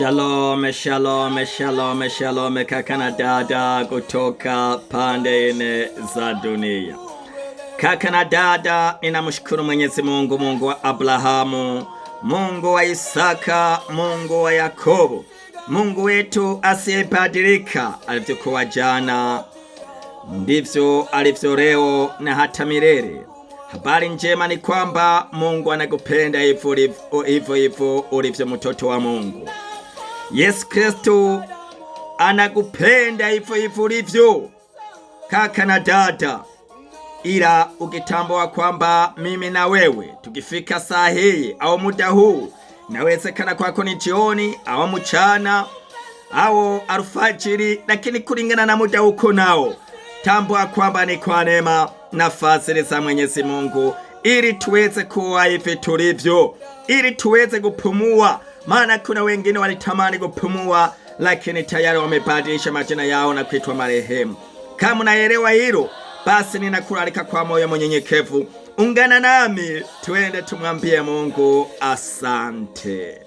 Shalom, shalom, shalom, shalom kaka na dada kutoka pande nne za dunia. Kaka na dada, ninamshukuru Mwenyezi Mungu, Mungu wa Abrahamu, Mungu wa Isaka, Mungu wa Yakobo, Mungu wetu asiyebadilika. Alivyokuwa jana ndivyo alivyo leo na hata milele. Habari njema ni kwamba Mungu anakupenda hivyo hivyo ulivyo mtoto wa Mungu. Yesu Kristu anakupenda hivyo hivyo ulivyo, kaka na dada, ila ukitambua kwamba mimi na wewe tukifika saa hii au muda huu, nawezekana kwako ni jioni au mchana au alfajiri, lakini kulingana na muda uko nao, tambua kwamba ni kwa neema na fadhili za Mwenyezi Mungu, ili tuweze kuwa hivi tulivyo, ili tuweze kupumua maana kuna wengine walitamani kupumua, lakini tayari wamebadilisha majina yao na kuitwa marehemu. Kama unaelewa hilo, basi ninakualika kwa moyo mwenyenyekevu, ungana nami, twende tumwambie Mungu asante.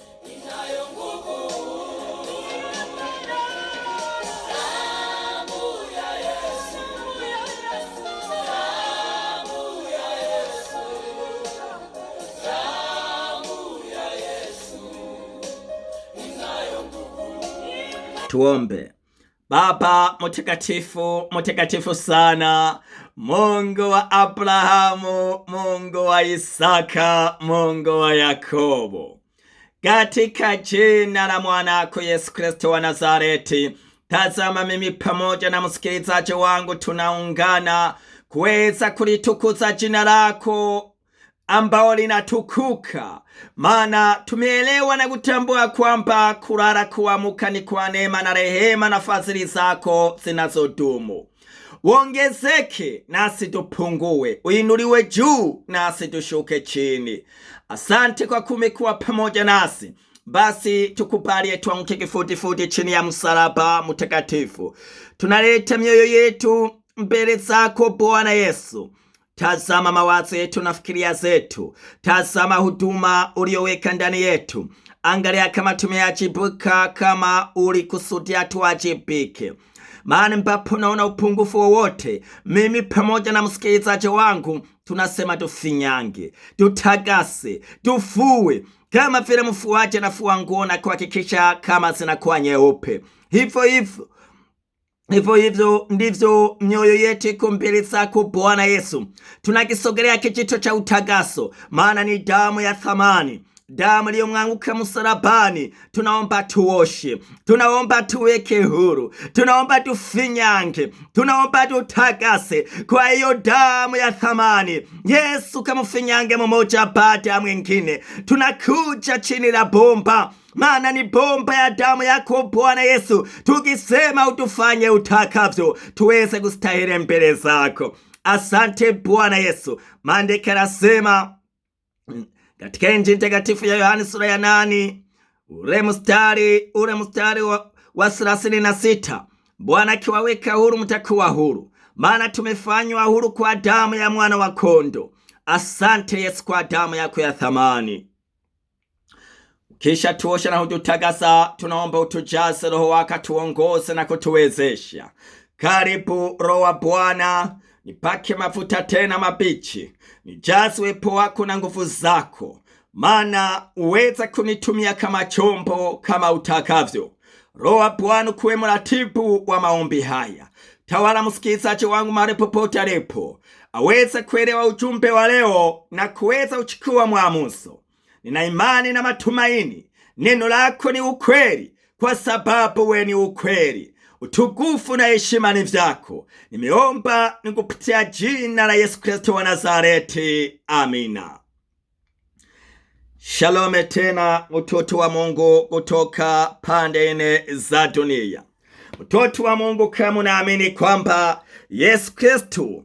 Tuombe. Baba mtakatifu, mtakatifu sana, Mungu wa Abrahamu, Mungu wa Isaka, Mungu wa Yakobo, katika jina la mwanako Yesu Kristo wa Nazareti, tazama mimi pamoja na msikilizaji wangu tunaungana kuweza kulitukuza jina lako ambao linatukuka, maana tumeelewa na kutambua kwamba kulala kuamka ni kwa neema na rehema na fadhili zako zinazodumu. Wongezeke nasi tupungue, uinuliwe juu nasi tushuke chini. Asante kwa kumekuwa pamoja nasi. Basi tukubalie tuanguke kifutifuti chini ya msalaba mtakatifu. Tunaleta mioyo yetu mbele zako Bwana Yesu. Tazama mawazo yetu na fikiria zetu, tazama huduma ulioweka ndani yetu. Angalia kama tumeajibika kama ulikusudia tuajibike. Maana mbapo naona upungufu wowote, mimi pamoja na msikilizaji wangu tunasema tufinyange, tutagase, tufue kama vile mfuaji anafua nguo na kuhakikisha kama zinakuwa nyeupe. Hivyo hivyo Hivyo hivyo ndivyo mioyo yetu iko mbele zako Bwana Yesu, tunakisogelea kijito cha utagaso, maana ni damu ya thamani damu iliyomwanguka msalabani. Tunaomba tuoshe, tunaomba tuweke huru, tunaomba tufinyange, tunaomba tutakase kwa hiyo damu ya thamani. Yesu, kamufinyange mmoja baada ya mwingine, tunakuja chini la bomba maana ni bomba ya damu yako Bwana Yesu. Tukisema utufanye utakavyo, tuweze kustahili mbele zako. Asante Bwana Yesu. Maandiko yanasema katika Injili takatifu ya Yohani sura ya nani ule mstari ule mstari wa thelathini na sita Bwana akiwaweka huru mtakuwa huru, maana tumefanywa huru kwa damu ya mwana wa kondo. Asante Yesu kwa damu yako ya thamani. Kisha tuosha na hututakasa. Tunaomba utujaze Roho wako, tuongoze na kutuwezesha. Karibu Roho wa Bwana, nipake mafuta tena mabichi, nijaze uwepo wako na nguvu zako, maana uweza kunitumia kama chombo kama utakavyo. Roho wa Bwana, kuwe mratibu wa maombi haya. Tawala msikilizaji wangu mahali popote alipo, aweze kuelewa ujumbe wa leo na kuweza uchukua mwamuzo nina imani na matumaini, neno lako ni ukweli, kwa sababu we ni ukweli. Utukufu na heshima ni vyako. Nimeomba ni kupitia jina la Yesu Kristo wa Nazareti, amina. Shalome tena mtoto wa Mungu kutoka pande nne za dunia. Mtoto wa Mungu, kama unaamini kwamba Yesu Kristo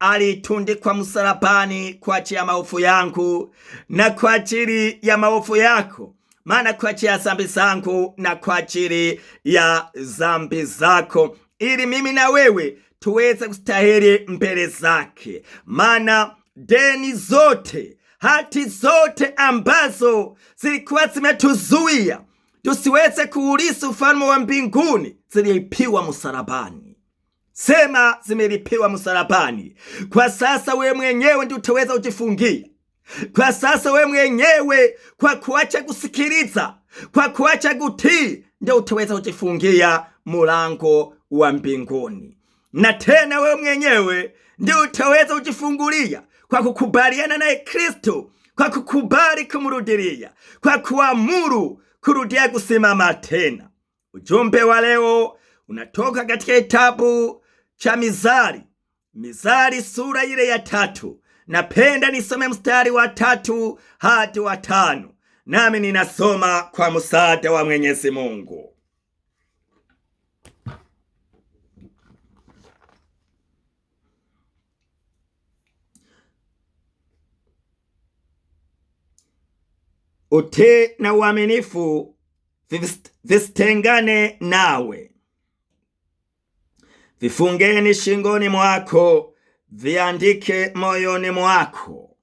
alitundikwa msalabani kwa ajili ya maovu yangu na kwa ajili ya maofu yako, maana kwa ajili ya zambi zangu na kwa ajili ya zambi zako, ili mimi na wewe tuweze kustahili mbele zake. Maana deni zote, hati zote ambazo zilikuwa zimetuzuia tusiweze kuulisa ufalme wa mbinguni ziliipiwa msalabani. Sema zimelipiwa msalabani. Kwa sasa wewe mwenyewe ndio utaweza kujifungia. Kwa sasa wewe mwenyewe, kwa kuacha kusikiliza, kwa kuacha kutii, ndio utaweza kujifungia mulango wa mbinguni. Na tena wewe mwenyewe ndio utaweza kujifungulia kwa kukubaliana naye Kristo, kwa kukubali kumurudilia, kwa kuamuru kurudia kusimama tena. Ujumbe wa leo unatoka katika kitabu cha Mizari, Mizari sura ile ya tatu. Napenda nisome mstari wa tatu hadi wa tano, nami ninasoma kwa msaada wa Mwenyezi Mungu. Utii na uaminifu vistengane nawe vifungeni shingoni mwako, viandike moyoni mwako,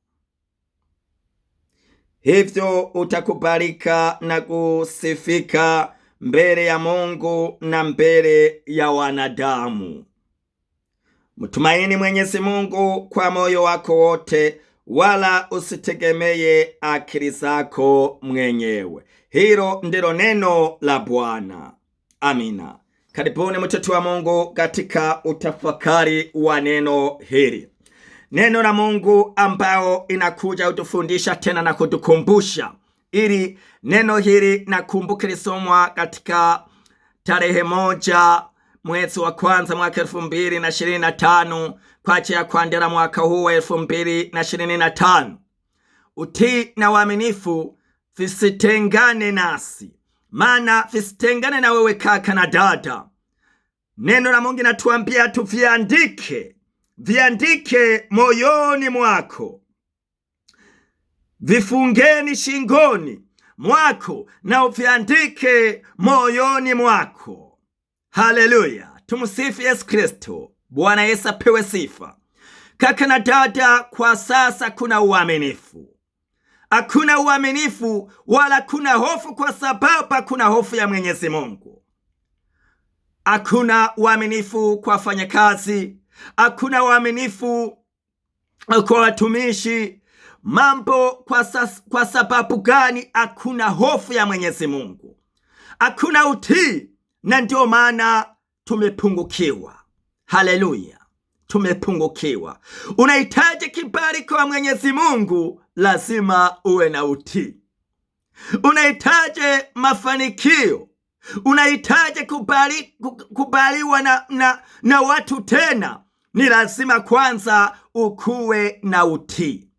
hivyo utakubalika na kusifika mbele ya Mungu na mbele ya wanadamu. Mtumaini Mwenyezi Mungu kwa moyo wako wote, wala usitegemeye akili zako mwenyewe. Hilo ndilo neno la Bwana. Amina. Karibuni mtoto wa Mungu katika utafakari wa neno hili, neno la Mungu ambao inakuja kutufundisha tena na kutukumbusha, ili neno hili nakumbuke lisomwa katika tarehe moja mwezi wa kwanza mwaka elfu mbili na ishirini na tano kwa ajili ya kuandela mwaka huu wa elfu mbili na ishirini na tano. Utii na uaminifu visitengane nasi maana visitengane na wewe kaka na dada. Neno la Mungu natuambia tuviandike, viandike moyoni mwako, vifungeni shingoni mwako na uviandike moyoni mwako. Haleluya, tumsifu Yesu Kristo. Bwana Yesu apewe sifa. Kaka na dada, kwa sasa kuna uaminifu hakuna uaminifu wala kuna hofu, kwa sababu hakuna hofu ya Mwenyezi Mungu. Hakuna uaminifu kwa wafanyakazi, hakuna uaminifu kwa watumishi. Mambo kwa, sas, kwa sababu gani? Hakuna hofu ya Mwenyezi Mungu, hakuna utii, na ndio maana tumepungukiwa. Haleluya! tumepungukiwa. Unahitaji kibali kwa Mwenyezi Mungu, lazima uwe na utii. Unahitaji mafanikio, unahitaji kubali, kubaliwa na, na, na watu tena, ni lazima kwanza ukuwe na utii,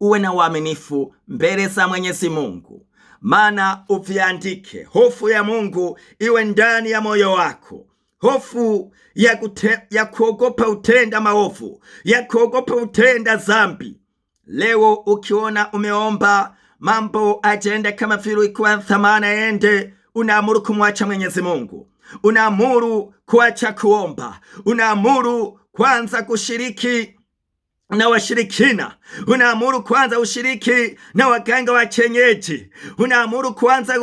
uwe na uaminifu mbele za Mwenyezi Mungu, maana uviandike hofu ya Mungu iwe ndani ya moyo wako hofu ya, kute, ya kuogopa utenda maovu, ya kuogopa utenda zambi Leo ukiona umeomba mambo ajenda kama vile ikiwa thamana ende, unaamuru kumwacha Mwenyezi Mungu, unaamuru kuacha kuomba, unaamuru kwanza kushiriki na washirikina, unaamuru kwanza ushiriki na waganga wa chenyeji, unaamuru kwanza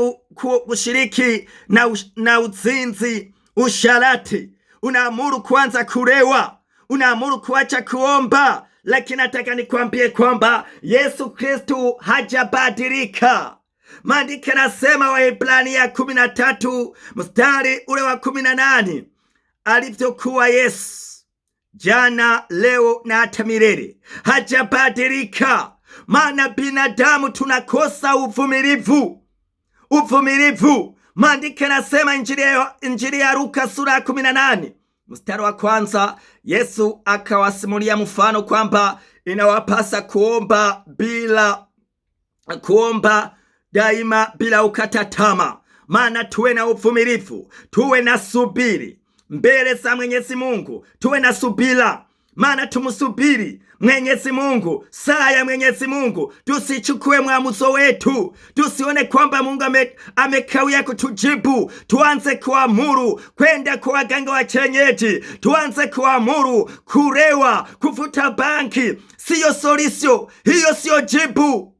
kushiriki na, na uzinzi usharati, unaamuru kuanza kulewa, unaamuru kuacha kuomba. Lakini nataka nikwambie kwamba Yesu Kristu hajabadilika. Maandiko nasema Waebrania kumi na tatu mstari ule wa kumi na nane alivyokuwa Yesu jana, leo na hata milele, hajabadilika. Maana binadamu tunakosa uvumilivu, uvumilivu Maandiko yanasema injili ya Luka sura ya kumi na nane mstari wa kwanza, Yesu akawasimulia mfano kwamba inawapasa kuomba bila kuomba daima bila ukata tama, maana tuwe na uvumilivu, tuwe na subiri mbele za Mwenyezi Mungu, tuwe na subira maana tumusubiri Mwenyezi Mungu, saa ya Mwenyezi Mungu. Tusichukue mwamuzo wetu, tusione kwamba Mungu ame, amekawia kutujibu. Tuanze kuamuru kwenda kwa waganga wa chenyeti tuanze kuamuru kurewa, kufuta banki. Siyo solisyo hiyo, siyo jibu.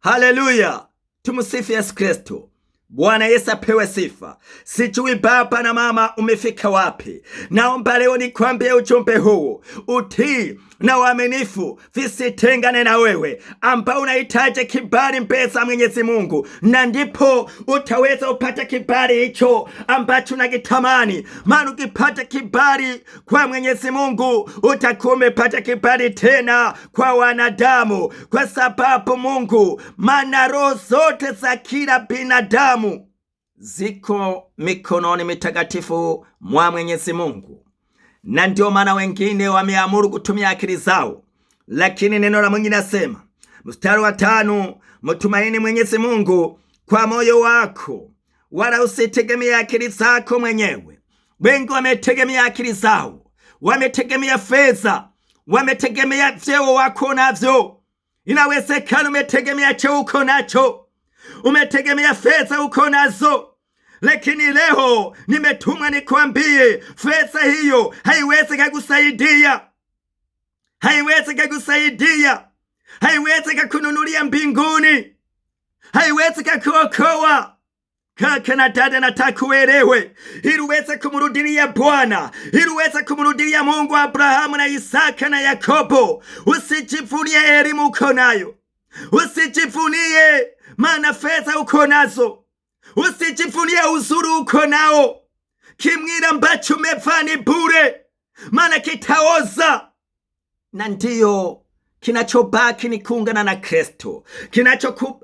Haleluya, tumusifu Yesu Kristo. Bwana Yesu apewe sifa. Sijui baba na mama umefika wapi. Naomba leo nikwambie ujumbe huu, utii na uaminifu visitengane na wewe, ambao unahitaji kibali mbele za Mwenyezi Mungu, na ndipo utaweza upate kibali hicho ambacho unakitamani. Maana ukipata kibali kwa Mwenyezi Mungu utakuwa umepata kibali tena kwa wanadamu, kwa sababu Mungu, maana roho zote za kila binadamu ziko mikononi mitakatifu mwa Mwenyezi Mungu na ndio maana wengine wameamuru kutumia akili zao. Lakini neno la Mungu linasema mstari wa tano, mtumaini Mwenyezi Mungu kwa moyo wako, wala usitegemea akili zako mwenyewe. Wengi wametegemea akili zao, wametegemea fedha, wametegemea vyeo wako navyo. Inawezekana umetegemea cheo uko nacho, umetegemea fedha uko nazo lakini leho nimetumwa nikwambie, fedha hiyo haiwezi kakusaidia, haiwezi kakusaidia, haiwezi kakununulia mbinguni, haiwezi kakuokoa. Kaka na dada, nataka uelewe ili uweze kumrudilia Bwana, ili uweze kumrudilia Mungu Abrahamu na Isaka na Yakobo. Usijivunie elimu uko nayo, usijivunie maana fedha uko nazo usijivunie uzuri uko nao. kimwira ambacho umevaa ni bure, maana kitaoza. Na ndiyo Kinachobaki ni kuungana na Kristo.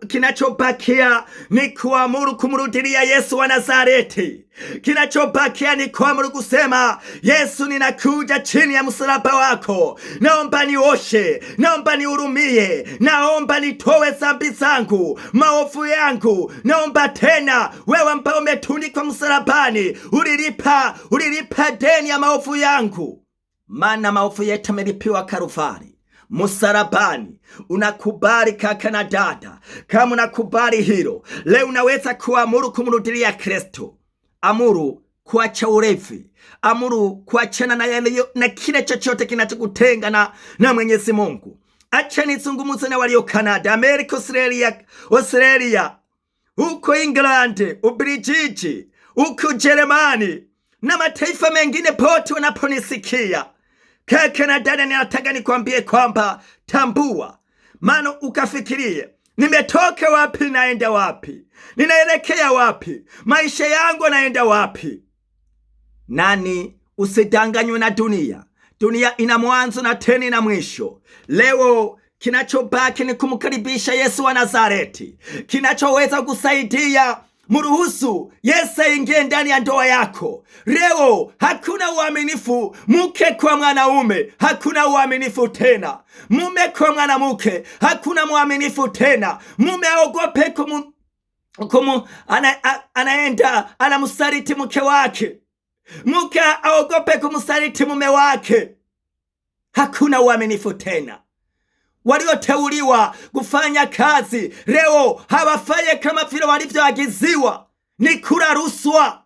Kinachobakia ni kuamuru kumrudilia Yesu wa Nazareti. Kinachobakia ni kuamuru kusema, Yesu, ninakuja chini ya msalaba wako, naomba nioshe, naomba nihurumie, naomba nitowe zambi zangu, maovu yangu, naomba tena, wewe ambao umetunikwa msalabani, ulilipa ulilipa deni ya maovu yangu, maana maovu yetu amelipiwa Kalvari msalabani. Unakubali kaka na dada, kama unakubali hilo leo, unaweza kuamuru kumrudilia Kristo, amuru kuacha urefi, amuru kuachana na yale na kile chochote kinachokutenga na, na Mwenyezi Mungu. Acha nizungumuze na walio Kanada, Amerika, Australia, Australia, huko England, Ubrijiji, huko Jeremani na mataifa mengine pote wanaponisikia keke na dada, ninataka nikwambie kwamba tambua, maana ukafikirie nimetoka wapi, naenda wapi, ninaelekea wapi, maisha yangu naenda wapi? Nani, usidanganywe na dunia. Dunia ina mwanzo na tena ina mwisho. Leo kinachobaki ni kumkaribisha Yesu wa Nazareti, kinachoweza kusaidia mruhusu Yesu aingie ndani ya ndoa yako. Leo hakuna uaminifu mke kwa mwanaume, hakuna uaminifu tena. Mume kwa mwanamke, hakuna mwaminifu tena. Mume aogope kumu, kumu ana, a, anaenda anamsaliti mke wake, mke aogope kumsaliti mume wake. Hakuna uaminifu tena walioteuliwa kufanya kazi leo hawafaye kama vile walivyoagiziwa. Ni kula ruswa,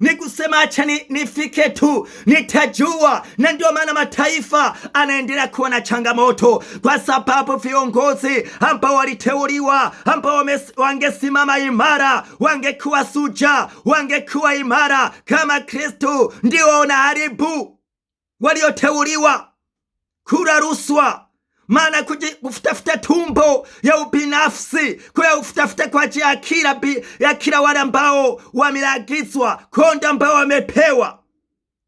ni kusema acha nifike tu, nitajua. Na ndio maana mataifa anaendelea kuwa na changamoto, kwa sababu viongozi ambao waliteuliwa, ambao wangesimama imara, wangekuwa suja, wangekuwa imara kama kristu ndio wanaharibu walioteuliwa, kula ruswa maana kujifutafuta tumbo ya ubinafsi kuya ufutafuta kwa ajili ya kila wale ambao wamelagizwa konda ambao wamepewa,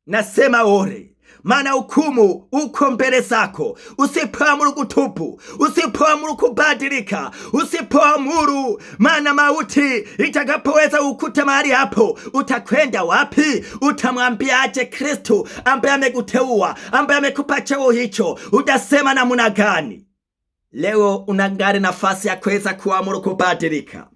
nasema ore maana hukumu uko mbele zako. Usipoamuru kutupu, usipoamuru kubadilika, usipoamuru, maana mauti itakapoweza ukuta mahali hapo, utakwenda wapi? Utamwambiaje Kristu ambaye amekuteua, ambaye amekupa cheo hicho? Utasema muna gani? Leo unangali nafasi ya kuweza kuamuru kubadilika.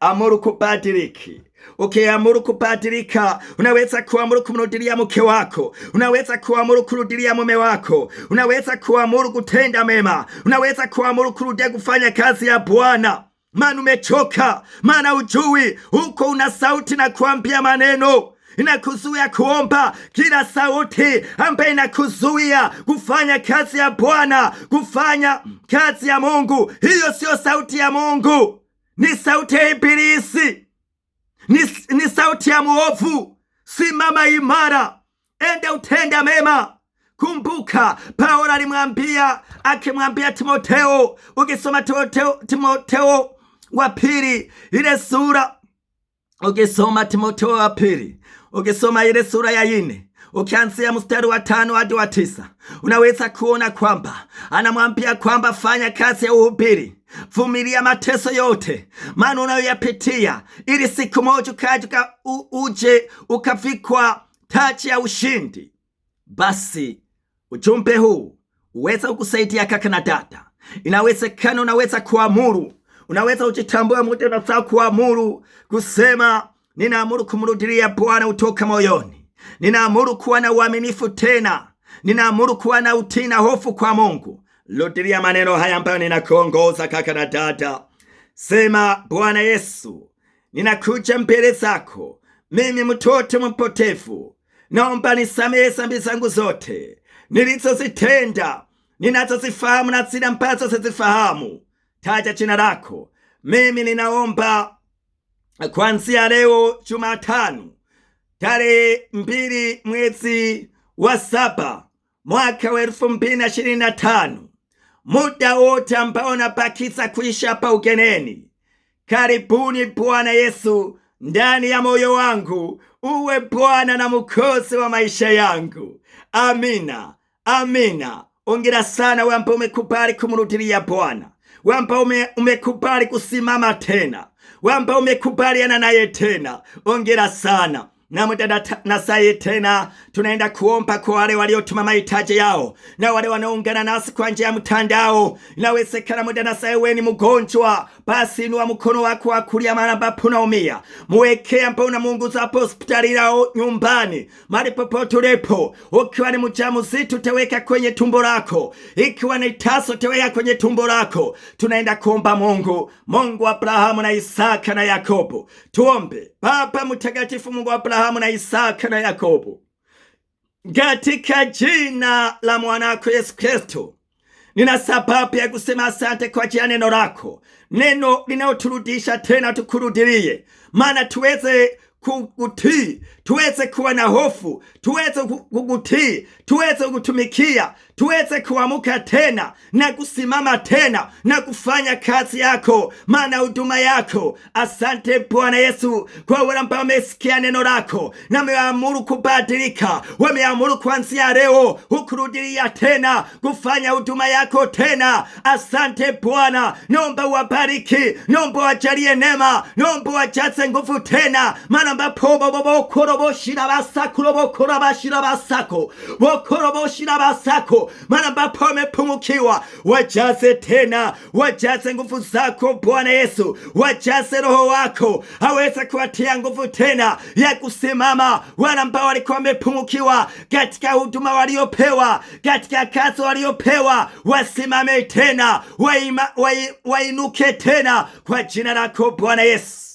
Amuru kubadiliki. Ukiamuru kubadilika, unaweza kuamuru kumrudilia mke wako, unaweza kuamuru kurudilia mume wako, unaweza kuamuru kutenda mema, unaweza kuamuru kurudia kufanya kazi ya Bwana, maana umechoka, mana ujui huko una sauti na kuambia maneno inakuzuia kuomba. Kila sauti ambaye inakuzuia kufanya kazi ya Bwana, kufanya kazi ya Mungu, hiyo siyo sauti ya Mungu, ni sauti ya Ibilisi ni, ni sauti ya mwovu. Simama imara, ende utenda mema. Kumbuka Paulo alimwambia akimwambia Timoteo, ukisoma Timoteo, Timoteo wa pili ile sura ukisoma Timoteo wa pili ukisoma ile sura ya ine ukianzia mstari wa tano hadi wa tisa unaweza kuona kwamba anamwambia kwamba fanya kazi ya uhubiri vumilia mateso yote maana unayoyapitia, ili siku moja ukaja uje ukavikwa taji ya ushindi. Basi ujumbe huu uweza kukusaidia kaka na dada. Inawezekana unaweza kuamuru, unaweza ujitambua muda unasaa kuamuru kusema, ninaamuru kumrudilia Bwana utoka moyoni, ninaamuru kuwa na uaminifu tena, ninaamuru kuwa na utii na hofu kwa Mungu Rudilia maneno haya ambayo ninakuongoza kaka na dada, sema: Bwana Yesu, ninakuja mbele zako, mimi mtoto mpotefu, naomba nisamehe dhambi zangu zote nilizozitenda, ninazozifahamu na zile ambazo sizifahamu. Taja jina lako. Mimi ninaomba kuanzia leo Jumatano tarehe mbili mwezi wa saba mwaka wa elfu mbili na ishirini na tano muda wote ambao napakisa kuisha hapa ugeneni. Karibuni Bwana Yesu ndani ya moyo wangu, uwe Bwana na mukosi wa maisha yangu. Amina, amina. Ongera sana we ambao umekubali kumrudilia Bwana, we ambao umekubali kusimama tena, we ambao umekubaliana naye tena, ongera sana na muda na saa tena tunaenda kuomba kwa wale waliotuma mahitaji yao na wale wanaungana nasi kwa njia ya mtandao. Inawezekana muda na saa ni mgonjwa, basi inua mkono wako wa kulia mara ambapo unaumia, muwekee ambao Mungu hapo hospitali lao nyumbani, mali popote ulipo. Ukiwa ni mjamzito utaweka kwenye tumbo lako, ikiwa ni taso utaweka kwenye tumbo lako. Tunaenda kuomba Mungu, Mungu wa Abrahamu na Isaka na Yakobo, tuombe Baba Mtakatifu, Mungu wa Abrahamu na Isaka na Yakobo, katika jina la mwanako Yesu Kristo, nina sababu ya kusema asante kwa ajili ya neno lako, neno linaloturudisha tena tukurudilie, maana tuweze kukutii, tuweze kuwa na hofu, tuweze kukutii, tuweze kutumikia, tuweze kuamuka tena na kusimama tena na kufanya kazi yako, maana huduma yako. Asante Bwana Yesu kwa wale ambao wamesikia neno lako na wameamuru kubadilika, wameamuru kuanzia leo hukurudilia tena kufanya huduma yako tena. Asante Bwana, naomba uwabariki, naomba wajalie neema, naomba wajaze nguvu tena maana bapo bokoroboshira basakuro bokorabashira basako bokoroboshira basako maana pome pumukiwa wajaze tena, wajaze nguvu zako Bwana Yesu, wajaze Roho wako aweze kuwatia nguvu tena ya kusimama wale ambao walikuwa wamepungukiwa katika huduma waliopewa, katika kazi waliopewa, wasimame tena, wainuke wa tena kwa jina lako Bwana Yesu.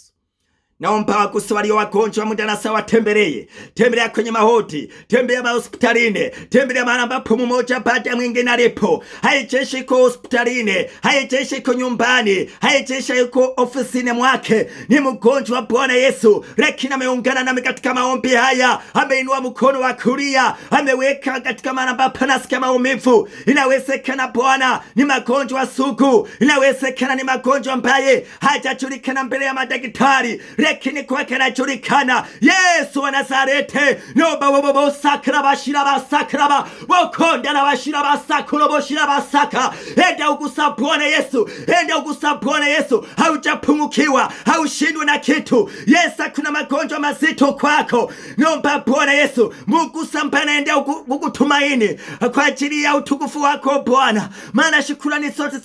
Naomba gusa walio wagonjwa muda na saa watembelee. Tembelea kwenye mahoti, tembelea mahospitalini, tembelea mahali ambapo mmoja baada ya mwingine alipo. Haijeshi iko hospitalini, haijeshi iko nyumbani, haijeshi iko ofisini mwake. Ni mgonjwa Bwana Yesu. rekina, ameungana nami katika maombi haya. Ameinua mkono wa kulia, ameweka katika mahali ambapo anasikia maumivu. Inawezekana Bwana ni magonjwa sugu. Inawezekana ni magonjwa ambaye hajajulikana mbele ya madaktari lakini kwake anajulikana Yesu wa Nazareti nobawowowosakrabashirabasakraba wokondalabashirabasakuloboshirabasaka enda ugusa Bwana Yesu, enda ugusa Bwana Yesu, haujapungukiwa haushindwi na kitu. Yesa, kuna magonjwa mazito kwako, nomba Bwana Yesu mugusambana, enda ukutumaini kwa ajili ya utukufu wako Bwana, maana shukurani sote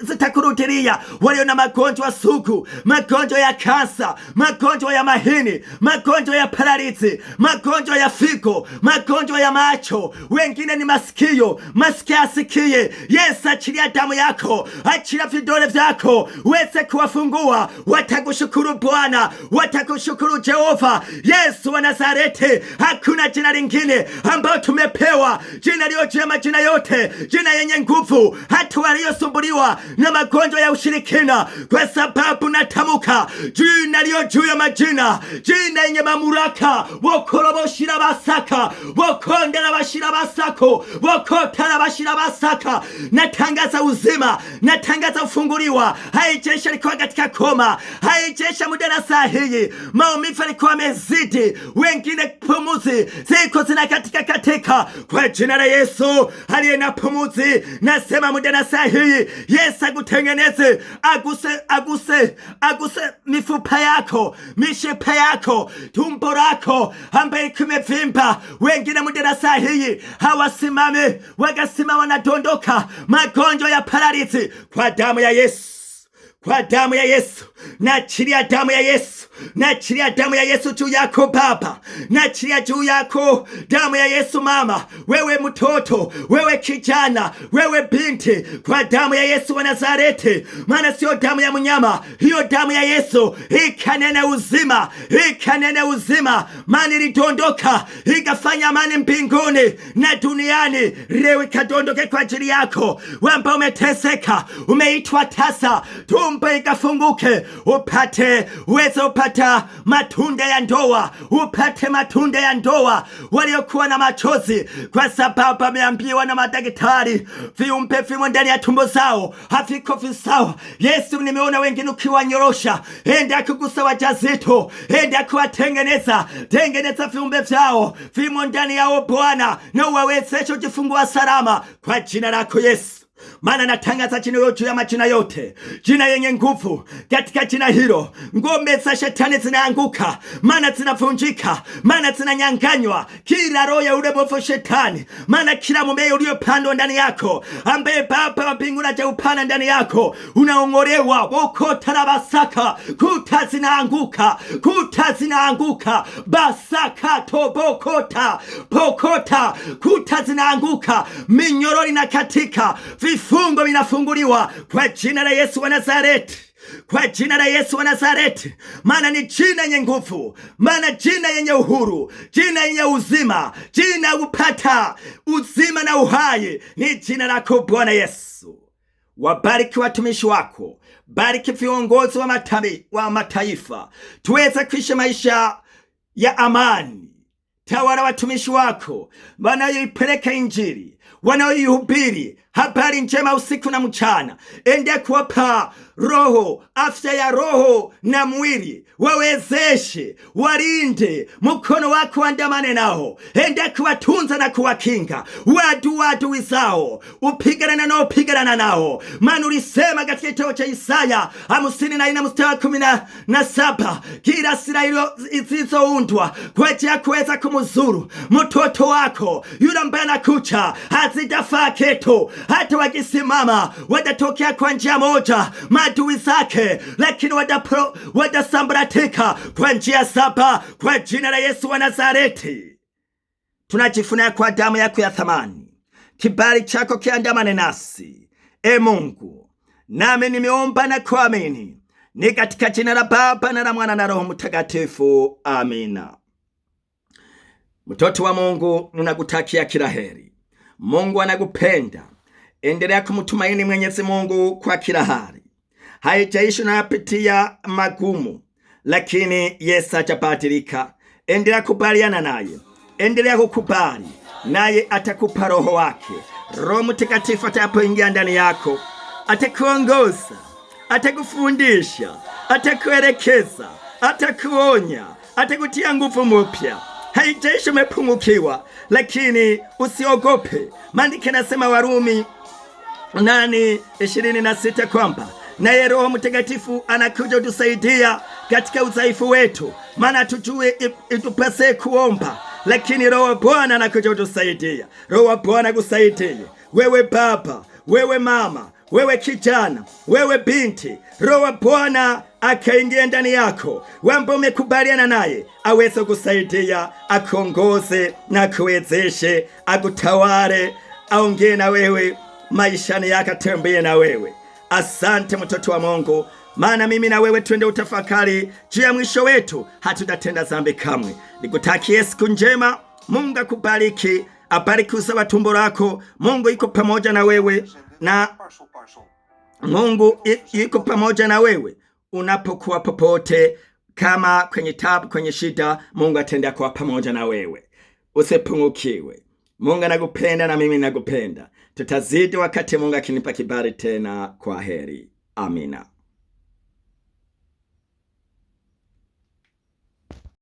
zitakurudilia walio na magonjwa sugu, magonjwa ya kansa magonjwa ya mahini, magonjwa ya paralizi, magonjwa ya figo, magonjwa ya macho, wengine ni masikio, masikio asikie. Yesu, achilia damu yako, achilia vidole vyako weze kuwafungua. Watakushukuru Bwana, watakushukuru Jehova. Yesu wa Nazareti, hakuna jina lingine ambayo tumepewa, jina liyo juu ya majina yote, jina yenye nguvu, hata waliyosumbuliwa na magonjwa ya ushirikina, kwa sababu natamuka jina liyo juu ya majina, jina yenye mamuraka wokoloboshira basaka wokondera bashira basako wokotara bashira basaka. Natangaza uzima, natangaza ufunguliwa. Haijesha likuwa katika koma, haijesha na saa hii maumivu alikuwa amezidi, wengine pumuzi ziko zinakatika katika kwa jina la Yesu aliye na pumuzi, nasema na saa hii Yesu akutengeneze, aguse aguse aguse mifupa yako yako, mishipa yako, tumbo lako ambaye kimevimba. Wengine mudera saa hii hawasimame, wakasimama dondoka magonjwa ya paralizi kwa damu ya Yesu, kwa damu ya Yesu Naachilia damu ya Yesu, naachilia damu ya Yesu juu yako baba, naachilia juu yako damu ya Yesu mama, wewe mtoto, wewe kijana, wewe binti, kwa damu ya Yesu wa Nazareti. Maana siyo damu ya mnyama, hiyo damu ya Yesu ikanene uzima, ikanene uzima, mani ilidondoka ikafanya amani mbinguni na duniani. Leo ikadondoke kwa ajili yako, wamba umeteseka, umeitwa tasa, tumbo ikafunguke upate uweze upata matunda ya ndoa, upate matunda ya ndoa. Waliokuwa na machozi, kwa sababu ameambiwa na madaktari viumbe vimo ndani ya tumbo zao haviko visawa. Yesu, nimeona wengine ukiwanyorosha, enda kugusa wajazito, enda kuwatengeneza, tengeneza viumbe vyao vimo ndani yao Bwana, na uwawezeshe ujifungua salama kwa jina lako Yesu maana natangaza jina hilo juu ya majina yote, jina yenye nguvu. Katika jina hilo ngome za shetani zinaanguka, maana zinavunjika, maana zinanyanganywa, kila roho ya ule mwovu shetani, maana kila mmea uliopandwa ndani yako, ambaye Baba wa mbinguni ajaupanda ndani yako, unaong'olewa. Wokotarabasaka, kuta zinaanguka, kuta zinaanguka, basaka tobokota pokota, kuta zinaanguka, minyorori na katika vifu vifungo vinafunguliwa kwa jina la Yesu wa Nazareti, kwa jina la Yesu wa Nazareti, maana ni jina yenye nguvu, maana jina yenye uhuru, jina yenye uzima, jina upata uzima na uhai ni jina lako Bwana Yesu. Wabariki watumishi wako, bariki viongozi wa, wa mataifa, tuweze kuishi maisha ya amani. Tawala watumishi wako wanayoipeleka Injili, wanayoihubiri habari njema usiku na mchana, ende kuwapa roho afya ya roho na mwili, wawezeshe, walinde, mkono wako andamane nao, ende kuwatunza na kuwakinga wadu wadui zao, upigana na nao pigana nao, maana ulisema katika kitabu cha Isaya hamsini na nne mstari wa kumi na saba kila silaha zilizoundwa kwa ajili ya kuweza kumzuru mtoto wako yule ambaye anakucha hazitafaa keto hata wakisimama watatokea kwa njia moja maadui zake, lakini watasambaratika kwa njia saba kwa jina la Yesu wa Nazareti. Tunajifunia kwa damu yako ya thamani, kibali chako kiandamane nasi e Mungu, nami nimeomba na kuamini ni katika jina la Baba na la Mwana na Roho Mtakatifu, amina. Mtoto wa Mungu, ninakutakia kila heri. Mungu anakupenda. Endelea kumutumaini Mwenyezi Mungu kwa kila hali. Haijaishi unayapitia magumu, lakini Yesu ajapatilika. Endelea kubaliana naye, endelea kukubali naye, atakupa roho wake. Roho Mtakatifu atapoingia ndani yako, atakuongoza, atakufundisha, atakuelekeza, atakuonya, atakutia nguvu mpya. Haijaishi umepungukiwa, lakini usiogope, maandiko yanasema Warumi nane ishirini na sita kwamba naye Roho Mtakatifu anakuja kutusaidia katika udhaifu wetu, maana tujue itupase kuomba, lakini Roho Bwana anakuja kutusaidia. Roho Bwana kusaidie wewe baba, wewe mama, wewe kijana, wewe binti, Roho Bwana akaingia ndani yako, wambo umekubaliana naye aweze kusaidia, akongoze na kuwezeshe, akutawale, aongee na wewe maishani yako atembee na wewe. Asante mtoto wa Mungu, maana mimi na wewe twende utafakari juu ya mwisho wetu, hatutatenda zambi kamwe. Nikutakie siku njema, Mungu akubariki, abariki usawa tumbo lako. Mungu iko pamoja na wewe na Mungu yuko pamoja na wewe unapokuwa popote, kama kwenye tabu, kwenye shida, Mungu atenda kuwa pamoja na wewe. Usipungukiwe. Mungu anakupenda na mimi nakupenda tutazidi wakati Mungu akinipa kibali tena. Kwa heri, amina.